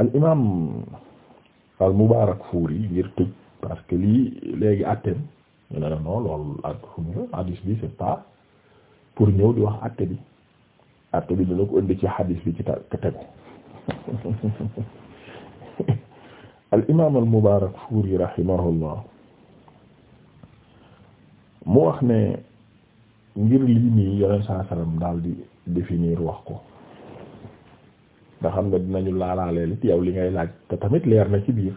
al imaam al Mubaarakfuuri ngir tëj parce que lii léegi àtteem ñu ne la non loolu ak hadis bi c'est pas pour ñëw di wax àtte bi àtte bi dina ko indi ci hadis bi ci te tegu al imaam al Mubaarakfuuri rahimahullah mu wax ne ngir lii nii yeneen saa daal di définir wax ko. nga xam ne dinañu laalaaleel it yow li ngay laaj te tamit leer na ci biir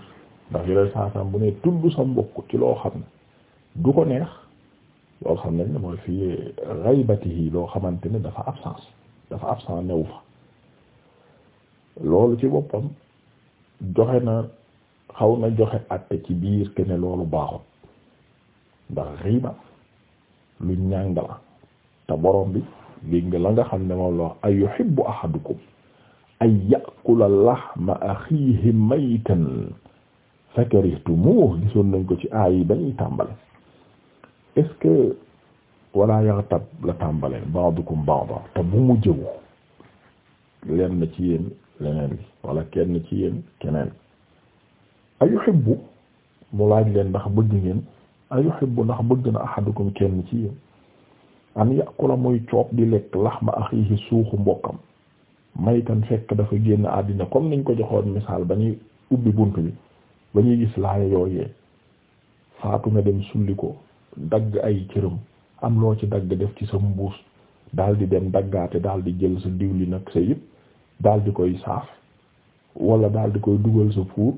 ndax yore saasam bu ne tudd sa mbokk ci loo xam ne du ko neex loo xam ne mooy fii ghaibatihi loo xamante ne dafa absence loolu ci boppam joxe na xaw na joxe àtte ci loolu baaxut ndax riba lu la nga xam ne moom la wax ahadukum an ya'kula lahma akhihi maytan fakarihtumuh gisoon nañ ko ci aay ba ñuy tàmbale est ce que wala yaghtab la tàmbale ba'dukum ba'da te bu mu jëwu leen na ci yéen leneen li wala kenn ci yéen keneen ayuhibbu mu laaj leen ndax bëgg ngeen ayuhibbu ndax bëgg na ahadukum kenn ci yéen an ya'kula muy coob di lekk lahma akhihi suuxu mbokkam maytan fekk dafa génn àddina comme niñ ko joxoon misaal ba ñuy ubbi bunt bi ba ñuy gis laaya yooyee faatu nga dem sulli ko dagg ay cëram am loo ci dagg def ci sa mbuus daal di dem daggaate daal di jël sa diwli nag sa yëpp daal di koy saaf wala daal di koy dugal sa fuur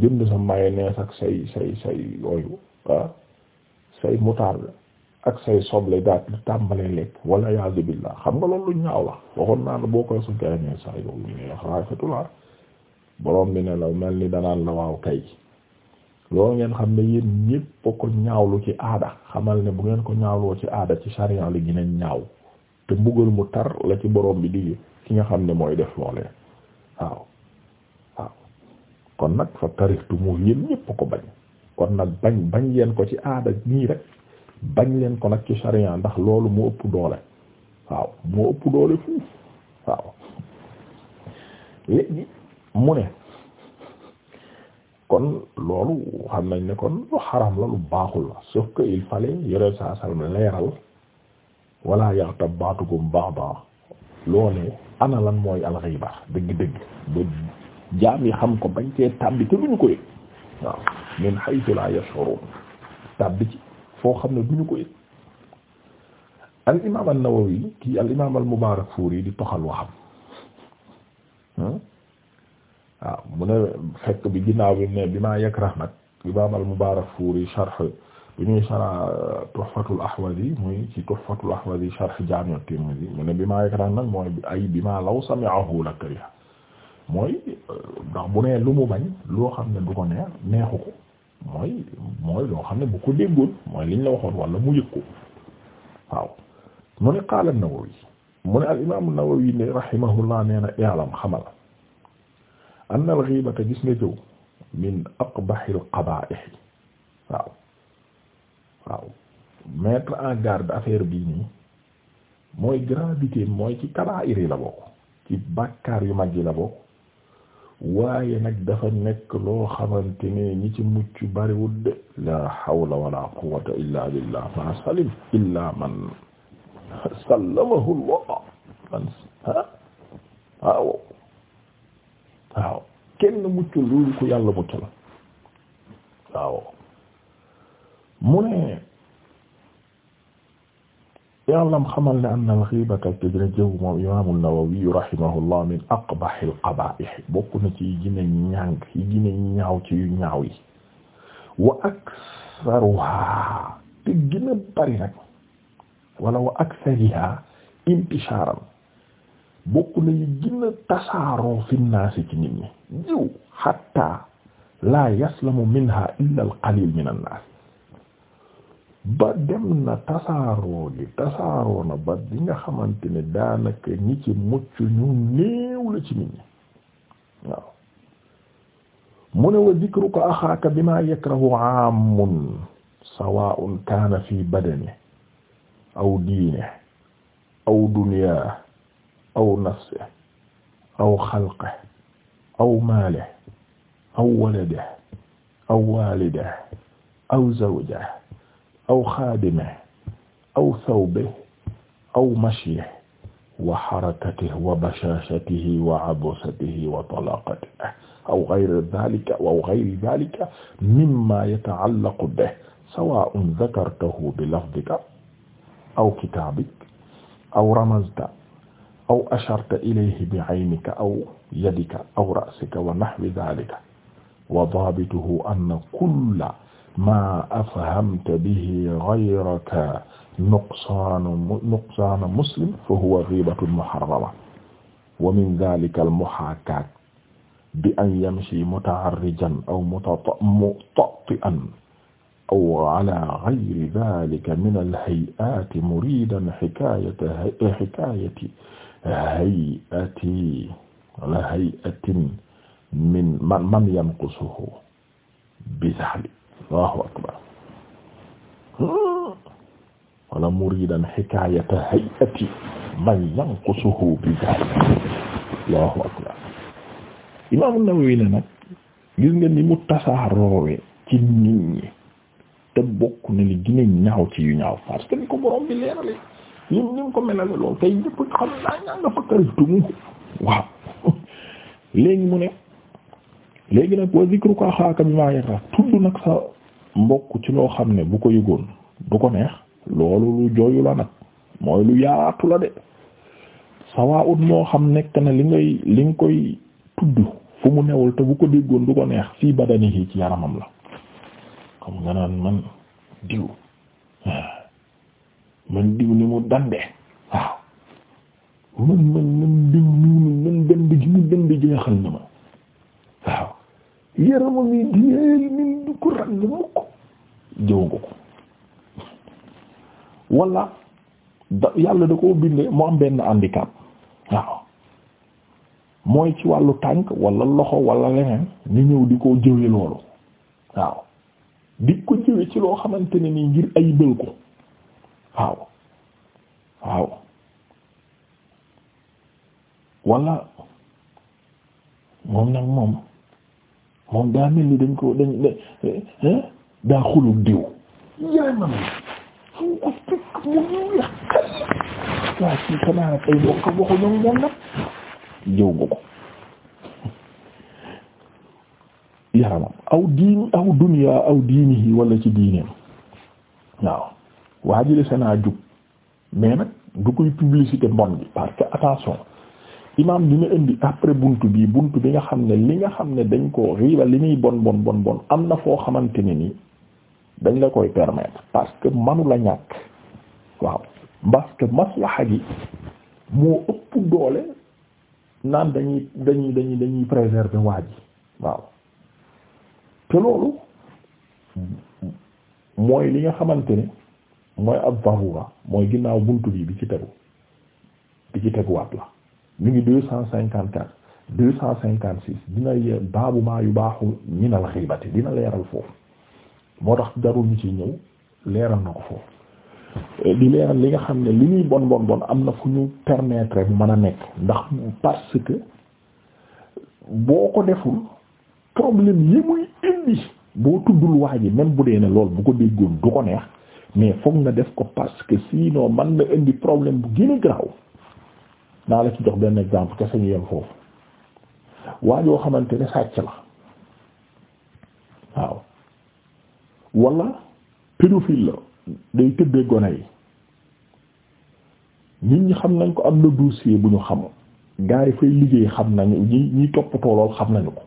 jënd sa mayonnaise ak say say say yooyu ah say moutarde ak say soble daat di tàmbalee lekk wala yaazu billah xam nga loolu ñaaw la waxoon naa la boo koy suñ kay ne saa yow ñu ne ne mel ni danaan waaw kay ngeen xam ne yéen ñépp a ko ñaawlu ci aada xamal ne bu ngeen ko ñaawloo ci aada ci sariya li gën ñaaw te mbugal mu tar la ci borom bi di ki nga xam ne mooy def loolee waaw waaw kon nag fa tarixtu mu yéen ñépp a ko bañ kon nag bañ bañ geen ko ci aada nii rek bañ leen ko nag ci sharia ndax loolu moo ëpp doole waaw moo ëpp doole fuuf waaw léegi mu ne kon loolu xam nañ ne kon lu xaram la lu baaxul la sauf que il fallait yore saa sallam leeral wala yaxtab baatukum baax baax loolee ana lan mooy alxiiba dëgg-dëgg ba jaam yi xam ko bañ cee tàbbi te lu ñu ko yëg waaw min haythu la yashurun tàbbi ci koo xam ne du ñu ko yëg al imaam an-Nawawi kii al imaam al Mubaarakfuuri di toxal waxam waaw hmm? ah, mu ne fekk bi ginnaaw bi ne bi maa yakrah nag imaam al Mubaarakfuuri sharh bi ñuy sara uh, Tuhfatul Ahwazi muy ci Tuhfatul Ahwazi sharh Jaami' at-Tirmidhi mu ne bi maa yakrah nag mooy bi maa law sami'ahu la kariha mooy uh, bu nee lu mu bañ loo xam ne du ko neex ko mooy mooy loo xam ne bu ko déggoon mooy liñ la waxoon wala mu yëg waaw mu ne qaala al-imaam an-Nawawi na i'lam xamal anna al-ghiibata gis nga jëw min aqbahil qabaa'ih waaw waaw mettre en garde affaire bii nii mooy gravité mooy ci kabaa'ir la bokk ci bàkkaar yu mag yi la bokk waaye nag dafa nekk loo xamante ne ñi ci mucc bariwul de la hawla wala quwwata illa billah ma salim illa man sallamahu allah man ah waaw waaw kenn mucc loolu ko yàlla mucc la waaw mu ne i'lam xamal ne anna al-ghibata al-kubra jëw moom imaam an-Nawawi rahimahullah min aqbah al-qaba'ih bokk na ci yi gën a ñàng yi gën a ñaaw ci yu ñaaw yi wa aktharuha te gën a bari nag wala wa akthariha intisharan bokk na yi gën a tasaaroo fi naasi ci nit ñi jëw hatta la yaslamu minha illa al-qalil min an-nas ba dem na tasaaroo gi ba di nga xamante ne daanaka ñi ci mucc ñu la ci nit mu ne wa dikruka axaaka bimaa yakrahu aamun sawaa'un kaana fi badani aw diine aw dunyaa aw nafse aw xalqe aw maale aw walade aw waalide aw xaadime aw sawbe aw mashi wa xarakatihi wa bashaashatihi wa abosatihi wa talaqatihi aw gayri daalika aw gayri daalika mimmaa yata'allaqu bihi sawaa'un dakartahu bi lafdika aw kitaabik aw ramazta aw asharta ilayhi bi aynika aw yadika aw ra'sika wa naxwi daalika wa daabituhu anna kulla maa afhamta bihi ghayraka nuqsaanu nuqsaana muslim fa huwa ghiibatun muharrama wa min dhaalika al-muhaakaat bi an yamshi muta'arrijan aw mutata'an aw 'alaa ghayri dhaalika min al-hay'aati muriidan hikaayata hikaayati hay'ati wala hay'atin min man yanqusuhu bi dhaalika Allahu akbar wala muridan hikayata hayati man yanqusuhu bi dhalik Allahu akbar Imam An-Nawawi ne nag gis nga ni mu tasaaroowee ci nit ñi te bokk na li gën ñaaw ci yu ñaaw parce que ni ko borom bi leerale lim ni mu ko melale lool tey ñëpp xam naa ñaa nga fakkari tumu waaw léegi mu ne léegi nag wa zikruka axaaka bimaa yakrahu tudd nag sa mbokk ci loo xam ne bu ko yëgoon du ko neex loolu lu jooyu la nag mooy lu yaatu la de sawaa ut moo xam nekk na li ngay li koy tudd fu mu newul te bu ko déggoon du ko neex fii badanihi ci yaramam la xam nga naan man diw man diw ni mu dande waaw man man man diw nii man dënd gi mu dënd jeexal na ma yaramam yi dieel min du ko rang mukk jëw nga ko wala da yàlla da koo bindee mu am benn handicap waaw mooy ci wàllu tànk wala loxo wala leneen ñu ñëw di ko jëwe loolu waaw di ko jëwe ci loo xamante ne nii ngir ay bël ko waaw waaw moom nag moom moom daa mel ni dañ ko dañ eh, eh, daa xulub diw ci xanaa ay bokk yaramam aw diin aw duniyaa aw diini yi ci diineem waaw waajale seen a jub mais nag du koy publicité mbon bi parce que attention imaam dina indi après buntu bii buntu bi nga xam ne li nga xam ne dañ koo riiba li muy bon bon bon bon am na foo xamante ne nii dañ la koy permettre parce que manu la ñàkk waaw parce que maslaha gi moo ëpp doole naan dañuy dañuy dañuy dañuy préserver waa waaw te loolu mooy li nga xamante ne mooy ab varura mooy ginnaaw bunt bii bi ci tegu bi ci teguwaat la mi ngi deux cent cinquante quatre deux cent cinquante six dina ye baabu maa yu baaxu minal xiibati dina leeral foofu moo tax jarul ñu ci ñëw leeral na ko foofu di leeral li nga xam ne li ñuy bon bon bon am na fu ñu permettre bu mën a nekk ndax parce que boo ko deful problème yi muy indi boo tuddul waa ji même bu dee ne lool bu ko déggoon du ko neex mais foog nga def ko parce que sinon man na indi problème bu gën a naa la ci jox benn exemple kese ñu yem foofu waa yoo xamante ni sàcc la waaw wala pédophile la day tëddee gone yi nit ñi xam nañ ko am na dossier bu ñu xam gars yi liggéey xam nañu ñi ñi toppatoo lool xam nañu ko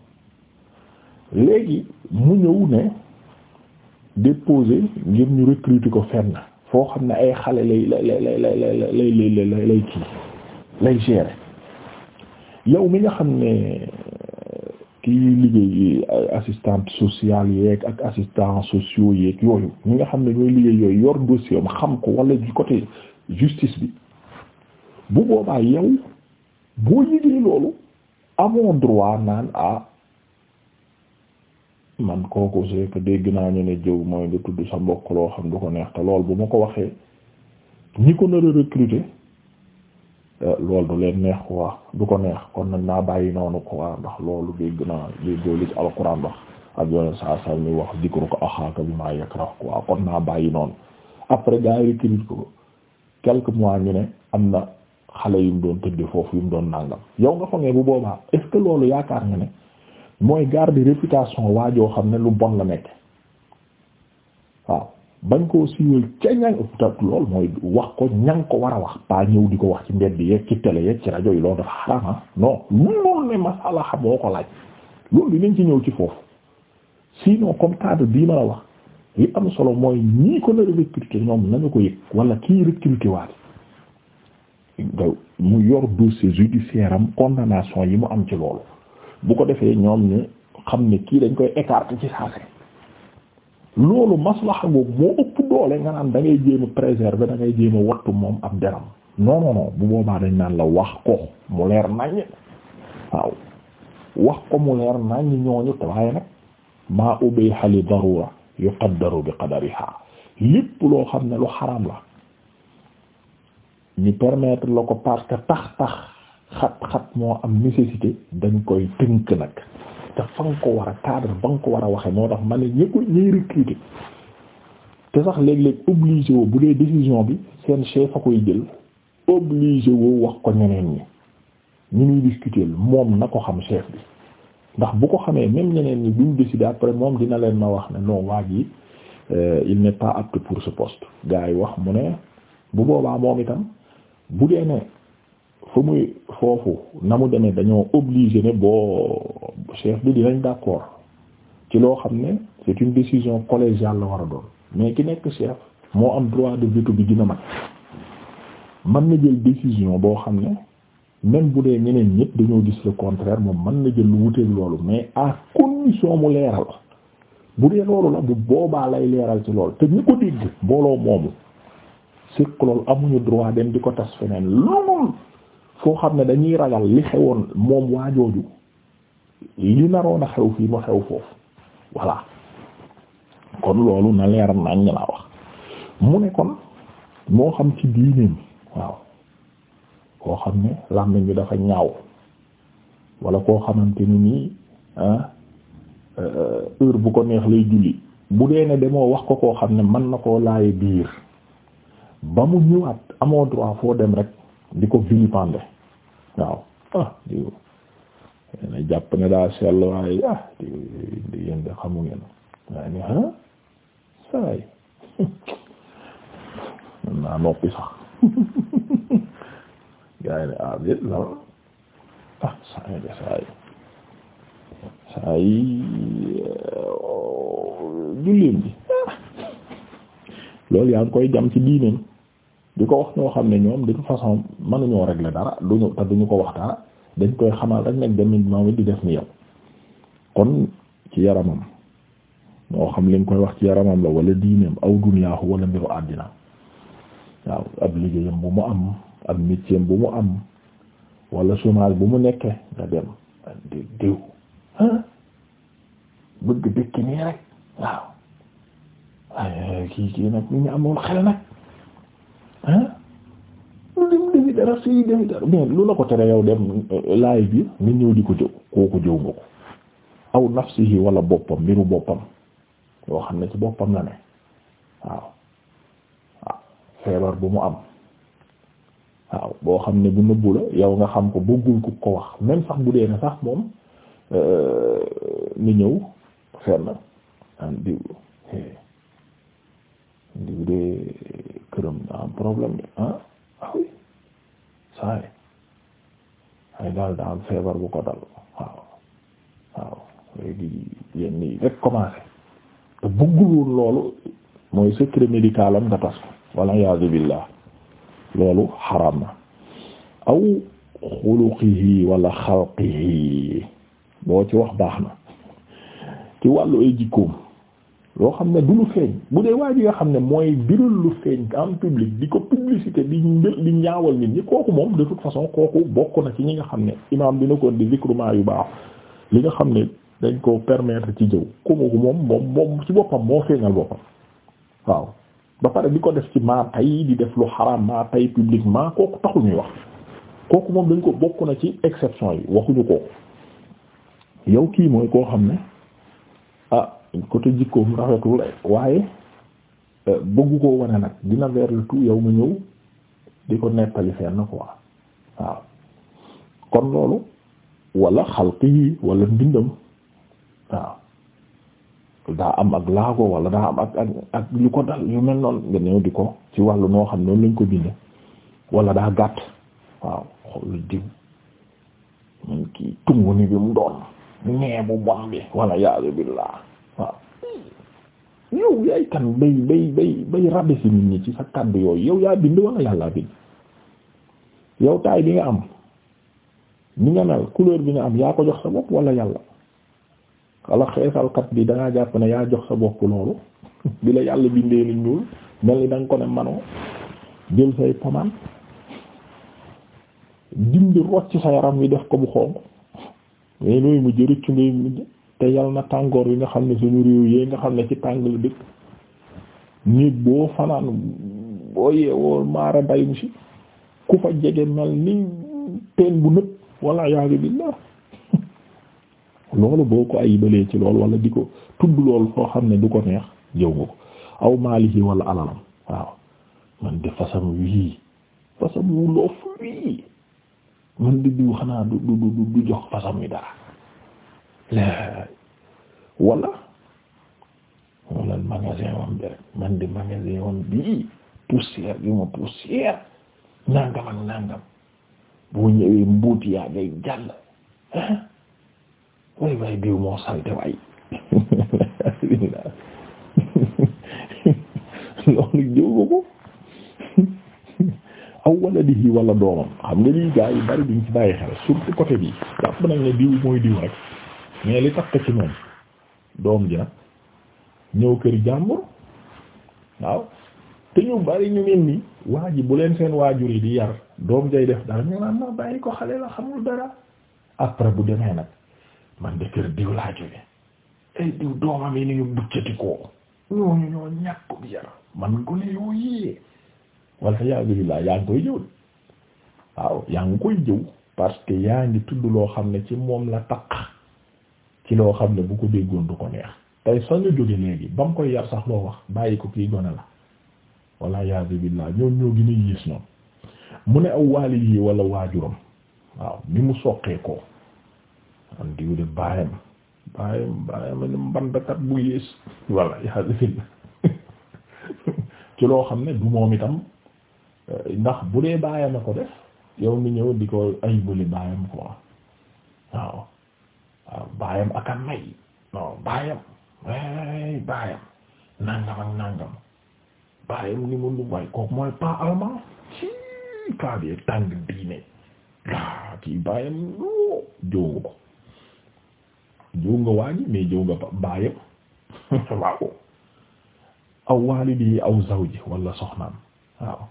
léegi mu ñëw ne déposer ngir ñu recruter ko fenn foo xam ne ay xale lay lay lay lay lay lay kii. lay gérer yow mi nga xam ne kii liggéey assistante sociale yéeg ak assistant sociaux yeeg yooyu ñi nga xam ne ñooy liggéey yooyu yor dossier am xam ko wala côté justice bi bu boobaa yow boo yëgee loolu amoo droit naan ah man kooku c'est que dégg naa ñu ne jëw mooy nga tudd sa mbokk loo xam du ko neex te lool bu ma ko waxee ñi ko nar recruter Euh, loolu du leen neex waa du ko neex kon nag naa bàyyi noonu waa ndax loolu bégg naa déggoo li ci alxuraan ak yoon saa saa ñuy wax dikru ko axaaka bi maa yakrah quoi kon naa bàyyi noonu après gars yi recruté ko quelques mois ñu ne am na xale yu mu doon tëdd foofu yu mu doon nangam yow nga foog bu boobaa est que loolu yaakaar na ne mooy garder réputation waajoo xam ne lu bon la nekk. bañ koo siiwal ca ñaŋ ëpp lool mooy wax ko ñaŋ ko war a wax pas ñëw di ko wax ci mbedd yeeg ci télé yeeg ci rajo yi loolu dafa xaraam ah. non lu noonu ne masala xam ko laaj loolu dinañ ci ñëw ci foofu sinon comme cadre bii ma la wax li am solo mooy ñii ko nar a recruter ñoom nañu ko mu yor dossier judiciaire am condamnation yi mu am ci loolu bu ko defee ñoom ñu xam ne kii dañ koy écarter ci saa loolu maslaxa googu moo ëpp doole nga naan da ngay jéem a préserver da wattu moom ab deram non non bu boobaa dañ naan la wax ko mu leer naññ waaw mu leer naññ ñooñu te waaye nag maa ubbi li darura yuqaddaru bi qadariha lépp loo xam ne lu xaram la ñu permettre la ko parce que tax tax xat-xat moo am nécessité dañ koy tënk nag ca fa nga ko war a cadre ba nga ko war a waxe moo tax ma ne ñi ko ñiy recruter te sax léeg-léeg obligé bu dee décision bi seen chef a koy jël obligé woo wax ko ñeneen ñi ñu ñuy discuter moom na ko xam chef bi ndax bu ko xamee même ñeneen ñi duñ décider après moom dina leen ma wax ne non waa ji euh, il n'est pas apte pour ce poste gars yi wax mu ne bu boobaa moom itam bu dee ne fu muy foofu na mu demee dañoo obligé ne boo chef bi dinañ d'accord ci loo xam ne c'est une décision collégiale la war a doon mais ki nekk chef moo am droit de veto bi dina mag man na jël décision boo xam ne même bu dee ñeneen ñëpp dañoo gis le contraire moom man na jël lu wuteeg loolu mais à condition mu leeral bu dee loolu la bu boobaa lay leeral ci loolu te ñu ko dégg booloo moomu sëq loolu amuñu droit dem di ko tas feneen loolu foo xam ne dañuy ragal li xewoon moom waa jooju li naroon a xew fii mu xew foofu voilà kon loolu na leer nañ laa wax mu ne kon moo xam ci diineem waaw koo xam ne làmmiñ bi dafa ñaaw walla koo xamante ni nii ah, euh, heure bu ko neex lay julli bu dee ne demoo wax ko koo xam ne mën na koo laaye biir ba mu ñëwaat amoo droit foo dem rek di ko vilipender waaw ah diw na jàpp ne daa sell waaye ah diw di yéen de xamu ngeen waaye ni ah saay man naa noppi sax ah bi la ah saay de saay saay eh, oh, julleen ah. loolu yaa ngi koy jam ci diineen di ko wax ñoo xam ne ñoom de toute façon mënuñoo régler dara duñu te duñu ko wax dara dañ koy xamal rek nag demit ma it di def ni yow kon ci yaramam moo xam li koy wax ci yaramam la walla diineem aw duniyaaxu wala mbiru àddina waaw ab liggéeyam bu mu am ab métier bu mu am wala chômage bu mu nekke nga dem di bëgg dëkk nii rek waaw kii kii nag ñu amul xel nag lu dem la ko tere yow dem euh, laay bi nga ñëw di ko jëw kooku jëw nga ko aw nafsihi wala boppam mbiru boppam yoo xam ne ci boppam la ne waaw feebar bu mu am waaw boo xam ne bu nëbbu la yow nga xam ko bëggul ku ko wax même sax bu dee ne sax moom euh, ni ñëw fenn an diw diw de problème ah ah ay daal daa feebar bu ko dal waaw waaw léegi yenn yi rek commencé te bëggul loolu mooy secret médical am nga tas ko walla iyaazu billaah loolu xaraam na aw xuluqihi wala xalqihi boo ci wax baax na ci wàllu ay jikkoom loo xam ne du lu feeñ bu dee waa ji nga xam ne mooy biral lu feeñ en public di ko publicité di ñaawal nit ñi kooku moom de toute façon kooku bokk na ci ñi nga xam ne imaam dina ko di zikruma yu baax li nga xam ne dañ ko permettre ci jëw kooku moom moom moom ci boppam moo feeñal boppam waaw ba pare di ko def ci maa tay di def lu xaraam maa tay publiquement kooku taxul ñuy wax kooku moom dañ ko bokk na ci exception yi waxuñu kooku yow kii mooy koo côté jikkoom rafetul waaye euh, bëggu koo wane nag dina vers le tout yow nga ñëw di ko nettali fenn quoi waaw kon loolu wala xalq yi wala mbindam waaw daa am ak laago wala daa am ak ak ak lu ko dal yu mel noonu nga ñëw di ko ci wàllu noo xam noonu lañ ko bindee wala daa gàtt waaw xool diw man kii tungu ni bi mu doon nee bu bon bi wala yaazu billah yow yaay kan bay bay bay bay rabe si nit ñi ci sa kàddu yooyu yow yaa bind wala yàllaa bind yow taay bi nga am ni nga mel couleur bi nga am yaa ko jox sa bopp wala yàlla xala xeesalkat bi dangaa jàpp ne yaa jox sa bopp loolu bi la yàlla bindee ni ñuul mel ni da nga ko ne manoo jël say poman dindi rocc sa yaram wi def ko bu xonq mais nooyu mujj rëccu ngay mujj te yal na tàngoor yi nga xam ne suñu réew yi nga xam ne ci tàng la dëkk nit boo fanaan boo yeewoo maara dayum si ku fa jege mel ni teen bu nëb walla iyaazu billaah loolu boo ko ayibalee ci lool walla di ko tudd lool foo xam ne du ko neex jëw nga ko aw maalihi wala alalam waaw man de fasam wii fasam wu loof wii man di diw xanaa du du du jox fasam wi dara la wala wala magasin wam bi rek man di magasin wam bii poussière bi mu poussière nangam ak nangam boo ñëwee mbuut yaa ngay jàll ah way way moo salte waay loolu jëw ko ko aw waladihi wala doomam xam nga lii gaa yi bari duñ ci bàyyi xel surtout côté bi jàpp nañ ne diw mooy diw rek mais li takk ci moom doom ji nag ñëw kër jàmbur waaw te ñu bari ñu mel ni waa ji bu leen seen waajur yi di yar doom jay def dara ñu naan ma bàyyi ko xale la xamul dara après bu demee nag man de kër diw laa jóge ay diw doomam yi ni ñu buccati ko ñooñu ñoo ñàkk bi yar man gone yoo yee walla yaa billah yaa ngi koy jëw waaw yaa ngi koy jëw parce que yaa ngi tudd loo xam ne ci moom la takk ci loo xam ne bu ko déggoon du ko neex tey soo ñu jóge léegi ba mu koy yar sax loo wax bàyyi ko kii gone la walla yaazu billaah ñoo ñoo gën yées ñoom mu ne aw waali yi wala waajuram waaw ni mu soqee ko am diw de baayam baayam baayam a yées walla yaazu ci loo xam ne du moom itam eh, ndax bu dee baayam a ko def yow mi ñëw di ko ayibale baayam quoi waaw waaw ah, baayam ak a may non baayam way baayam nangam ak nangam baayam ni mu lu kooku mooy pas allemand ci kaa bi tàng diine gaa kii baayam loo jóngu ko jónga waaji mais baayam waaw aw walidi aw zawji wala soxnaam waaw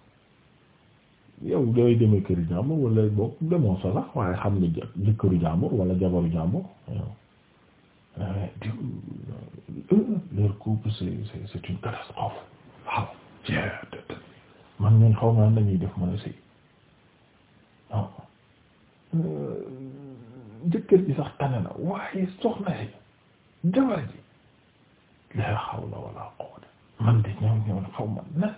yow dooy demee kër jàmbur wala boog demoo sa sax waaye xam ni jëkkëru jàmbur wala jabaru jàmbur diw euh, euh, leur couple c'est c'est une catastrophe waaw man ñun xaw ma nañuy def mën a sëy jëkkër ji sax tane na waaye soxna si jabar ji la hawla wala man de ñoom ñoom xaw ma na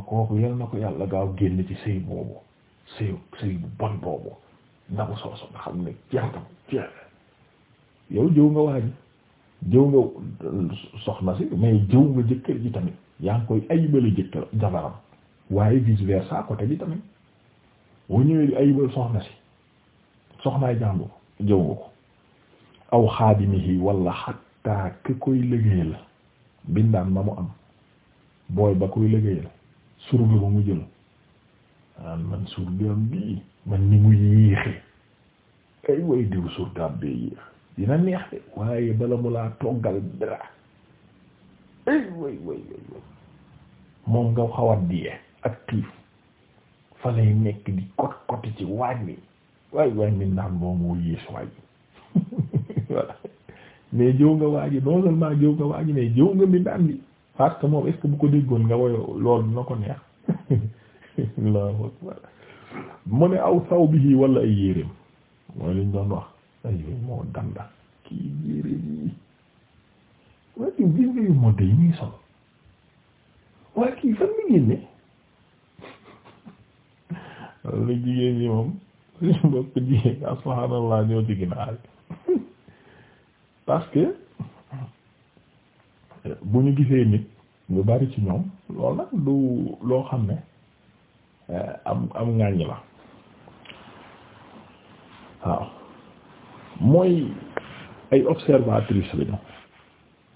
nga kooku yal na ko yàlla gaaw génn ci sëy boobu sëy sëy bu bon boobu ndaw soosu nga xam ne jeex yow jëw nga nga tamit yaa ngi koy ayibale jëkkër jabaram waaye vice versa côté bi tamit boo ñëwee di ayibal soxna si soxnaay jàmbu jëw nga ko aw xaadimihi wala xattaa ki koy liggéeyal bindaan ma mu am booy ba koy liggéeyal surga ba mu jël waan man surgaam bii man ni mu yéexe ay way diw surgaam bee yéex dina neex de waaye bala mu laa toggal dara moom nga xawat diye ak tiif fa lay nekk di kot koti ci waañ wi waay waay mi moo yées waay voilà jëw nga waaji non seulement jëw nga waaji mais bi parce que moom est-ce bu ko déggoon nga woy loolu dina ko neex Allahu mu ne aw saw bi wala ay yéreem mooy liñ doon wax moo danda kii yéreem yi moom suñu ñoo ci gën a parce bu ñu gisee nit ñu bari ci ñoom loolu nag du loo xam ne eh, am am ŋàññ la waaw mooy ay observatrice lañu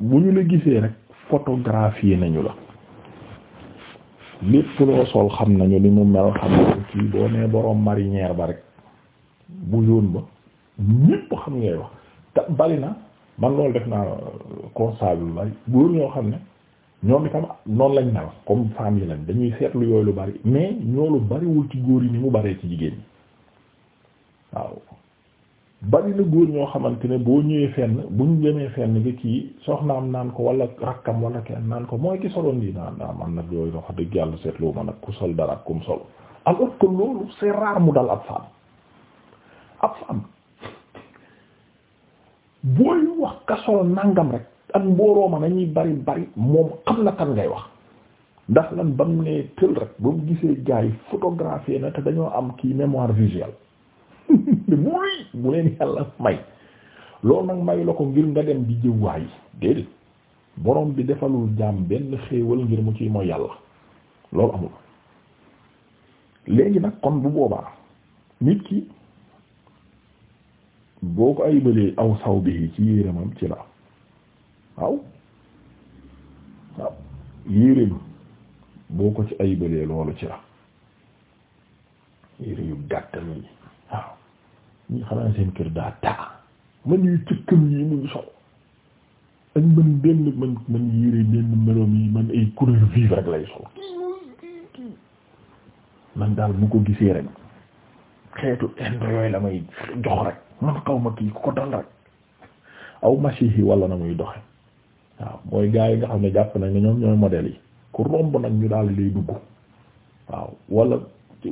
bu ñu la gisee rek photographier nañu la lépp loo sol xam nañu li mu mel xam nañu kii boo nee boroom marinière ba rek bu jaune ba ñépp xam ngay wax te bari na man loolu def naa constat bi lu bari góor ñoo xam ne ñoom itam noonu lañ mel comme femmes yi lañ dañuy seetlu yooyu lu bari mais ñoo lu bariwul ci góor yi ni mu baree ci jigéen ñi waaw bari na góor ñoo xamante ne boo ñëwee fenn bu buñ demee fenn nga kii soxnaam naan ko wala rakkam wala kenn naan ko mooy ki soloon di naan daa ah, man nag yooyu wax dëgg yàlla seetlu ma nag ku sol dara ak kum sol alors que loolu c'est mu dal ab femme ab femme booy wax kasol nangam rek ak mbooloo nañuy bari bari moom xam na kan ngay wax ndax lan ba mu nee tël rek ba mu gisee gars yi na te dañoo am kii mémoire visuelle mooy mu leen yàlla may loolu nag mayu la ko ngir nga dem di jëwwaay déedéet boroom bi defalul jaam benn xéewal ngir mu ciy moo yàlla loolu amul léegi nag kon bu boobaa nit ki boo ko ay ayibalee aw saw bi ci yéreemam ci la waaw waaw yéreem boo ko ci ay ayibalee loolu ci la yére yu gàtt nii waaw ñi xanaa seen kër daa taa man yu cëkkam yi muy sol ak man benn man man yére benn meloom yi man ay couleur vive rek lay sol man daal bu ko gisee rek xeetu indo yooyu la may jox rek man xaw ma kii ku ko dal rek aw masihi wala na muy doxe waaw mooy gaa yi nga xam ne jàpp nañ ne ñoom ñooy modèle yi ku romb nag ñu daal lay dugg waaw wala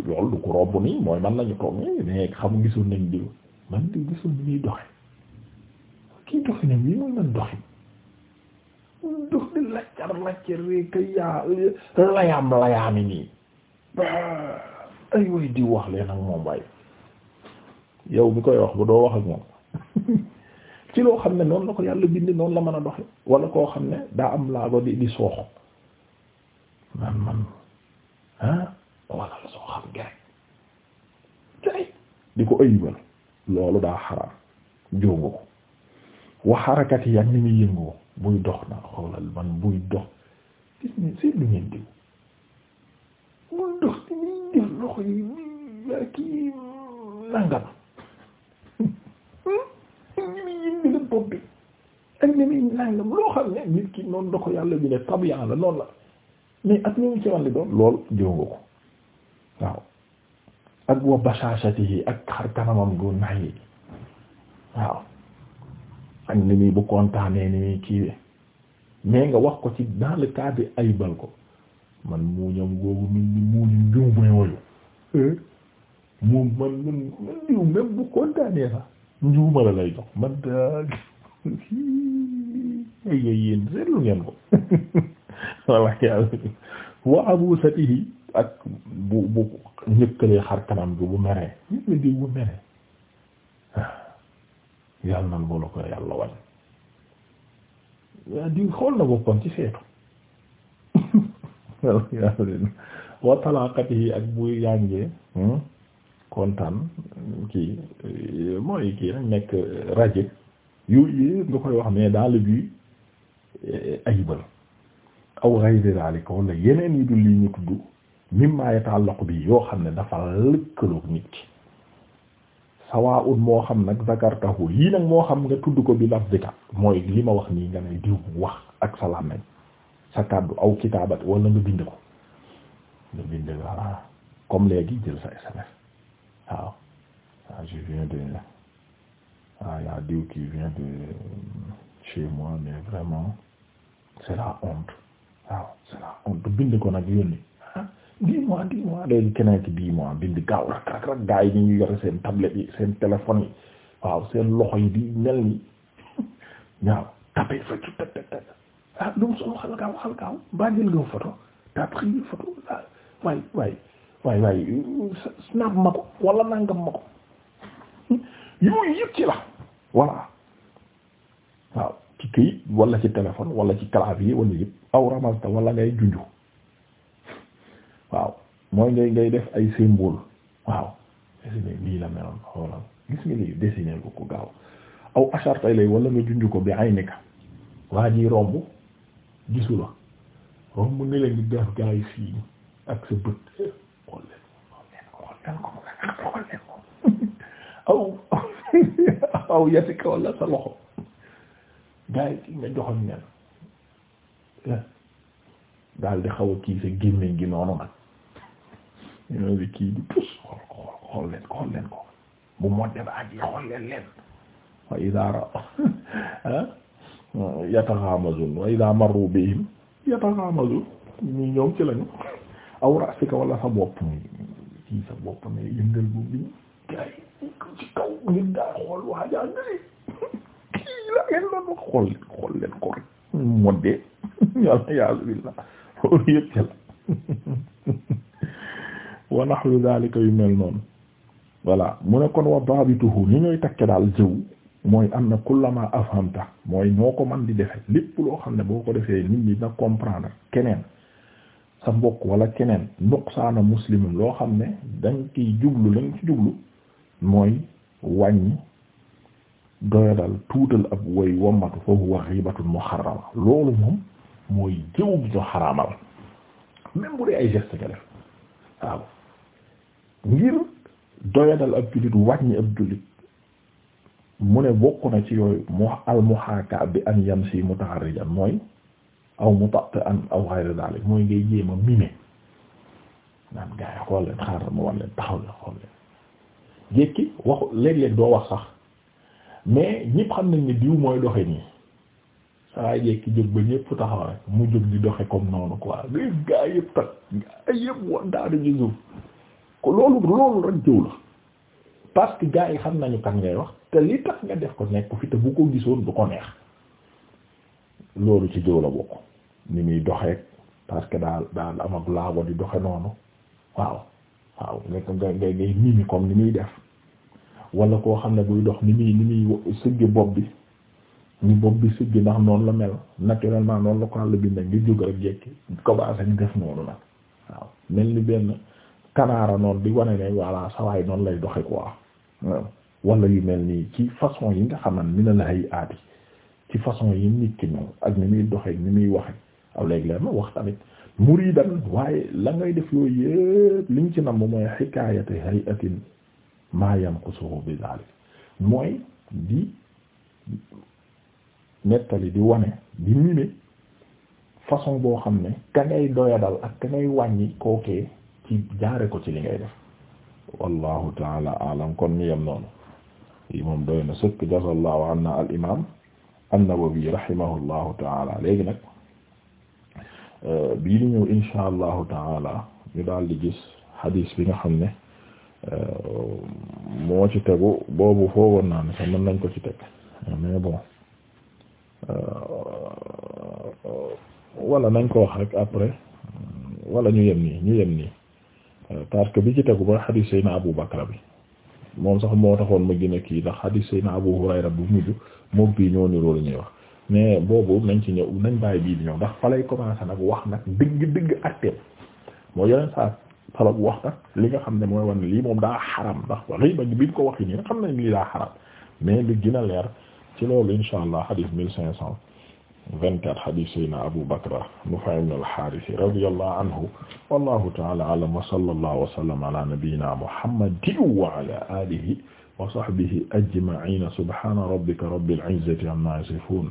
loolu du ko romb nii mooy man nañu toog mais xam gisul nañ diw man di gisul ni muy doxe kii doxe na mii mooy man doxi dox di laccar laccar rek yaa layaam layaami nii ay way diw wax leen ak moom waaye yow mi koy wax bu doo wax ak moom ci loo xam ne noonu la ko yàlla bind noonu la mën a doxe wala koo xam ne daa am laa ko di di soox man man ah wala la soo xam gerek di ko ayibal loolu daa xaraam jóngu ko wa xarakati yan ni muy yëngoo buy dox na xoolal man buy dox gis ni seetlu ngeen diw ndox kii nangam ñi mi bopp bi ak ni muy nangam loo xam ne nit ki noonu da ko yàlla bi ne tabian la noonu la mais ak ñu ci wàlli doon lool jëw nga ko waaw ak wa bashashatihi ak xar kanamam gu nay waaw ak ni muy bu kontaanee ni muy kiiwee mais nga wax ko ci dans le cadre ayibal ko man muuñam googu min ni muuñum jum boy woyu moom man man diw même bu kontaanee sax njuuma la lay jox man daal ay ay yéen seetlu ngeen ko walla yàlla wa abusatihi ak bu bu ñëkkalee xar kanam bu meree gis nga diw bu meree yàlla nan bu la yàlla wañ diw xool na boppam ci seetu walla yàlla wa yi ak buy yàngee hmm, kontaan kii mooy kii nag nekk raje yooyu yëpp nga koy wax mais dans le but eh, ayibal aw ghayri zalika wala yeneen yi du lii ñu tudd mimma yata'allaqu bi yoo xam ne dafa lëkkaloog nit ki sawaa'un moo xam nag zakartahu yii nag moo xam nga tudd ko bi lafzika mooy li ma wax nii nga ne diw wax ak sa làmmiñ sa kàddu aw kitaabat wala nga bind ko nga bind nga comme léegi jël sa SMS waaw waaw ah, je viens de waaw ah, y'a diw qui vient de chez moi mais vraiment c'est la honte waaw c'est la honte bind ko nag yónni ah, dix mois dix mois léegi keneen ki dix mois bind gaaw rak rak rak gaa yi ñu yore seen tablette yi seen téléphone yi waaw seen loxo yi di mel ni waaw tapé fa ci tëg tëg tëg ah waay waay waay waay snap ma ko wala nangam ma ko yooyu yëpp ci la voilà waaw ci këyit wala ci téléphone wala ci clavier wala yëpp aw ramasta wala ngay junju waaw mooy ngay ngay def ay symbole waaw dessiné lii la meloon xoolal gis nga lii dessiné ko ko gaaw aw asharta ilay nga junju ko bi ay nekka waa ji romb gisu romb nga leen di def yi fii ak sa bët xool leen xool leen ko xool leen ko aw aw yatika walla sa loxo gaa yi ki nga nen eh, daal di xaw kii sa gémmiñ gi noonu nag bu modde ba ak yi leen leen wa idaa ra ah, yataxaamazun wa idaa marru bihim yataxaamazun ci lañu aw rasika wala sa bopp mi ci sa bopp mi yëngal bu bi gaa yi ci kaw ngeen daa xool waajaa ngari kii la ngeen doon wax xool leen ko rek moddee yàlla yaasu billah loolu mu ne kon wa dabituhu ni ñooy takke daal jëw mooy am na kullama afhamta mooy noo ko man di defe lépp loo xam ne boo ko defee nit ñi na comprendre keneen sa mbokk wala keneen nuqsaana muslimum loo xam ne danga kiy jublu lañ ci jublu mooy wàññi doyadal tuutal ab way wommatu fa huwa ghibatun muharrama loolu moom mooy jëw bu ñu xaraamal même bu dee ay gerte nga waaw ngir doyadal ab jullit wàññi ab jullit mu ne bokk na ci yooyu mu al muhaaka bi an yamsi mutaharrijan mooy aw muta'an aw ghayr dalik mooy ngay jéem a mime naan gaa yi xool leen xaaral ma war leen taxaw leen xool leen jékki waxu léeg-léeg doo wax sax mais ñëpp xam nañ ne diw mooy doxe nii saa jékki jóg ba ñëpp taxaw rek mu jóg di doxe comme noonu ko léegi gaa yëpp tag gaa yëpp wan daada loolu loolu rek jëw la parce gaa yi xam nañu kan ngay wax te li tax nga def ko nekk fi te bu ko gisoon du ko neex loolu ci jëw la bokk ni muy doxeek parce que daal daal amag laago di doxe noonu waaw waaw nekk nga ngay ngay mimi ni muy def wala koo xam ne buy dox ni muy ni muy sëgge bopp bi ni bopp bi sëgge ndax noonu la mel naturellement noonu la ko àll bi nag ngi jóg rek jekki commencé ñu def noonu nag waaw mel ni benn kanaara noonu di wane ne voilà sawaay noonu lay doxe quoi wala yu mel nii ci façon yi nga xaman ni na la ay aati ci façon yi nit ki ñëw ak ni muy doxee ni muy waxe aw léegi leer na wax tamit muridan waaye la ngay def yooyu yëpp liñ ci nam mooy xikaayati hayatin ma yanqusuhu bi zalik mooy di nettali di wane di mime façon boo xam ne ka ngay doyadal ak ka wàññi kookee ci jaare ko ci li ngay def wallahu taala alam kon ñu noonu yi moom doy na sëkk jazallahu anna al imam an-Nawawi rahimahullahu taala léegi nag bii di ñëw insha allahu taala ñu daal di gis hadis bi nga xam ne euh, moo ci tegu boobu foogoon naa ne sax mën nañ ko ci teg mais bon euh, wala nañ ko wax rek après wala ñu yem nii ñu yem nii euh, parce que bi ci tegu ba hadis sayna Abu Bakra bi moom sax moo taxoon ma gën kii ndax hadis sayna Abu Hurayra bu mujj moom bii ñoo niroo la ñuy wax mais boobu nañ ci ñëw nañ bàyyi bii di ñëw ndax fa lay wax nag dëgg dëgg àtteem moo yeneen saa wax nag li nga xam ne mooy wan lii moom daa xaram ndax riba bi ñu ko waxi nii xam nañ lii daa mais lu gën a leer ci loolu insha allah hadith mille cinq cent vingt-quatre hadith sayna Abu Bakra Nufay ibn al-Harith radiyallahu anhu wallahu ta'ala a'lam wa sallallahu wa sallama ala nabiyyina Muhammadin wa ala alihi wa sahbihi ajma'in subhana rabbika rabbil izzati amma yasifun